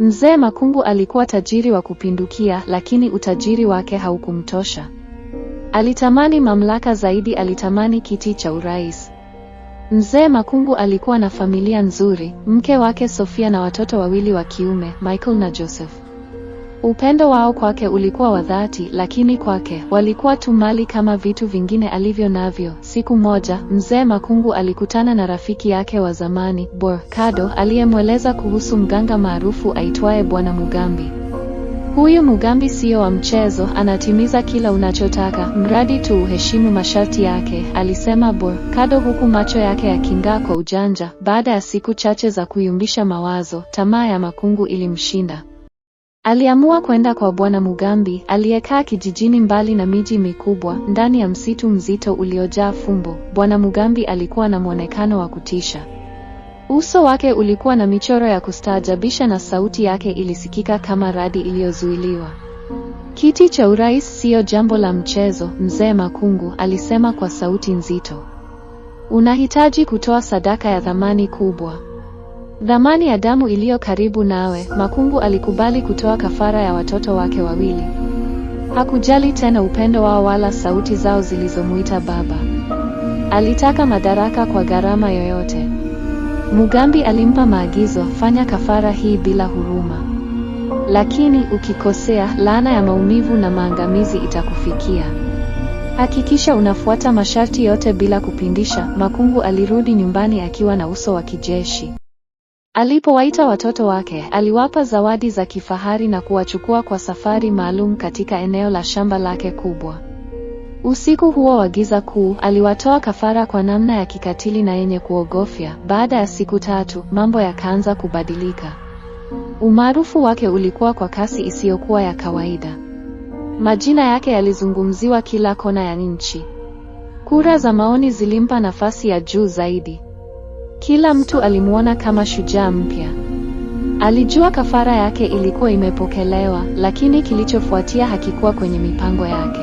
Mzee Makungu alikuwa tajiri wa kupindukia, lakini utajiri wake haukumtosha. Alitamani mamlaka zaidi, alitamani kiti cha urais. Mzee Makungu alikuwa na familia nzuri, mke wake Sofia na watoto wawili wa kiume, Michael na Joseph. Upendo wao kwake ulikuwa wa dhati, lakini kwake walikuwa tu mali kama vitu vingine alivyo navyo. Siku moja, mzee Makungu alikutana na rafiki yake wa zamani, Borkado, aliyemweleza kuhusu mganga maarufu aitwaye Bwana Mugambi. Huyu Mugambi siyo wa mchezo, anatimiza kila unachotaka, mradi tu uheshimu masharti yake, alisema Borkado huku macho yake yaking'aa kwa ujanja. Baada ya siku chache za kuyumbisha mawazo, tamaa ya Makungu ilimshinda. Aliamua kwenda kwa Bwana Mugambi aliyekaa kijijini mbali na miji mikubwa, ndani ya msitu mzito uliojaa fumbo. Bwana Mugambi alikuwa na mwonekano wa kutisha. Uso wake ulikuwa na michoro ya kustaajabisha na sauti yake ilisikika kama radi iliyozuiliwa. Kiti cha urais siyo jambo la mchezo, mzee Makungu alisema kwa sauti nzito. Unahitaji kutoa sadaka ya thamani kubwa. Dhamani ya damu iliyo karibu nawe, Makungu alikubali kutoa kafara ya watoto wake wawili. Hakujali tena upendo wao wala sauti zao zilizomuita baba. Alitaka madaraka kwa gharama yoyote. Mugambi alimpa maagizo, fanya kafara hii bila huruma. Lakini ukikosea, laana ya maumivu na maangamizi itakufikia. Hakikisha unafuata masharti yote bila kupindisha. Makungu alirudi nyumbani akiwa na uso wa kijeshi. Alipowaita watoto wake, aliwapa zawadi za kifahari na kuwachukua kwa safari maalum katika eneo la shamba lake kubwa. Usiku huo wa giza kuu, aliwatoa kafara kwa namna ya kikatili na yenye kuogofya. Baada ya siku tatu, mambo yakaanza kubadilika. Umaarufu wake ulikuwa kwa kasi isiyokuwa ya kawaida. Majina yake yalizungumziwa kila kona ya nchi. Kura za maoni zilimpa nafasi ya juu zaidi. Kila mtu alimwona kama shujaa mpya. Alijua kafara yake ilikuwa imepokelewa, lakini kilichofuatia hakikuwa kwenye mipango yake.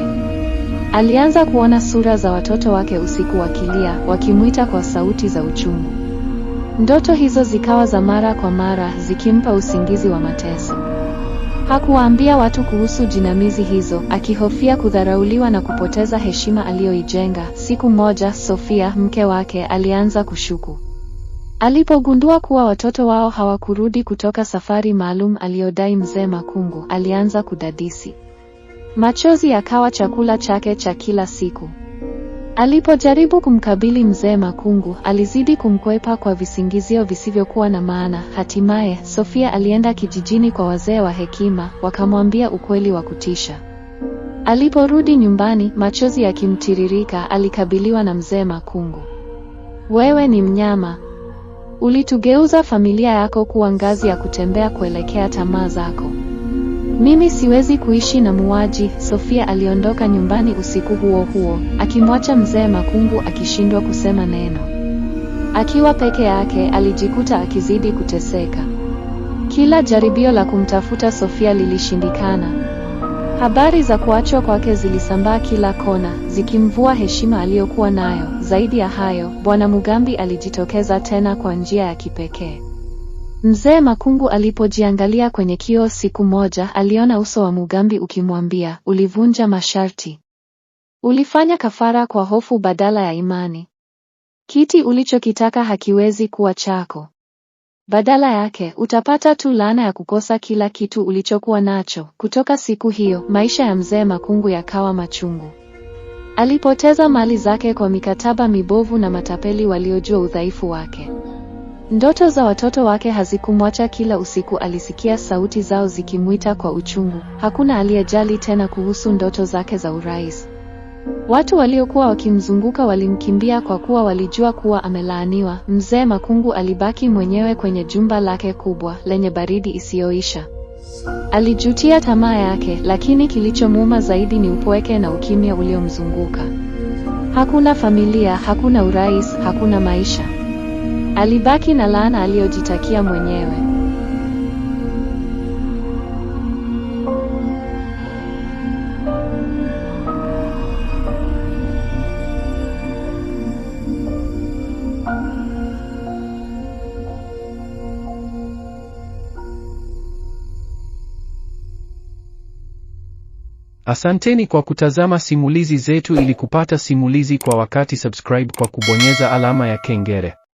Alianza kuona sura za watoto wake usiku wakilia, wakimwita kwa sauti za uchungu. Ndoto hizo zikawa za mara kwa mara, zikimpa usingizi wa mateso. Hakuwaambia watu kuhusu jinamizi hizo, akihofia kudharauliwa na kupoteza heshima aliyoijenga. Siku moja, Sofia, mke wake, alianza kushuku. Alipogundua kuwa watoto wao hawakurudi kutoka safari maalum aliyodai mzee Makungu, alianza kudadisi. Machozi yakawa chakula chake cha kila siku. Alipojaribu kumkabili mzee Makungu, alizidi kumkwepa kwa visingizio visivyokuwa na maana. Hatimaye, Sofia alienda kijijini kwa wazee wa hekima, wakamwambia ukweli wa kutisha. Aliporudi nyumbani, machozi yakimtiririka, alikabiliwa na mzee Makungu. Wewe ni mnyama. Ulitugeuza familia yako kuwa ngazi ya kutembea kuelekea tamaa zako. Mimi siwezi kuishi na muuaji. Sofia aliondoka nyumbani usiku huo huo, akimwacha mzee Makungu akishindwa kusema neno. Akiwa peke yake, alijikuta akizidi kuteseka. Kila jaribio la kumtafuta Sofia lilishindikana. Habari za kuachwa kwake zilisambaa kila kona, zikimvua heshima aliyokuwa nayo. Zaidi ya hayo, Bwana Mugambi alijitokeza tena kwa njia ya kipekee. Mzee Makungu alipojiangalia kwenye kioo siku moja, aliona uso wa Mugambi ukimwambia, ulivunja masharti, ulifanya kafara kwa hofu badala ya imani, kiti ulichokitaka hakiwezi kuwa chako. Badala yake utapata tu laana ya kukosa kila kitu ulichokuwa nacho. Kutoka siku hiyo, maisha ya mzee Makungu yakawa machungu. Alipoteza mali zake kwa mikataba mibovu na matapeli waliojua udhaifu wake. Ndoto za watoto wake hazikumwacha. Kila usiku alisikia sauti zao zikimwita kwa uchungu. Hakuna aliyejali tena kuhusu ndoto zake za urais. Watu waliokuwa wakimzunguka walimkimbia kwa kuwa walijua kuwa amelaaniwa. Mzee Makungu alibaki mwenyewe kwenye jumba lake kubwa lenye baridi isiyoisha. Alijutia tamaa yake, lakini kilichomuuma zaidi ni upweke na ukimya uliomzunguka. Hakuna familia, hakuna urais, hakuna maisha. Alibaki na laana aliyojitakia mwenyewe. Asanteni kwa kutazama simulizi zetu. Ili kupata simulizi kwa wakati, subscribe kwa kubonyeza alama ya kengele.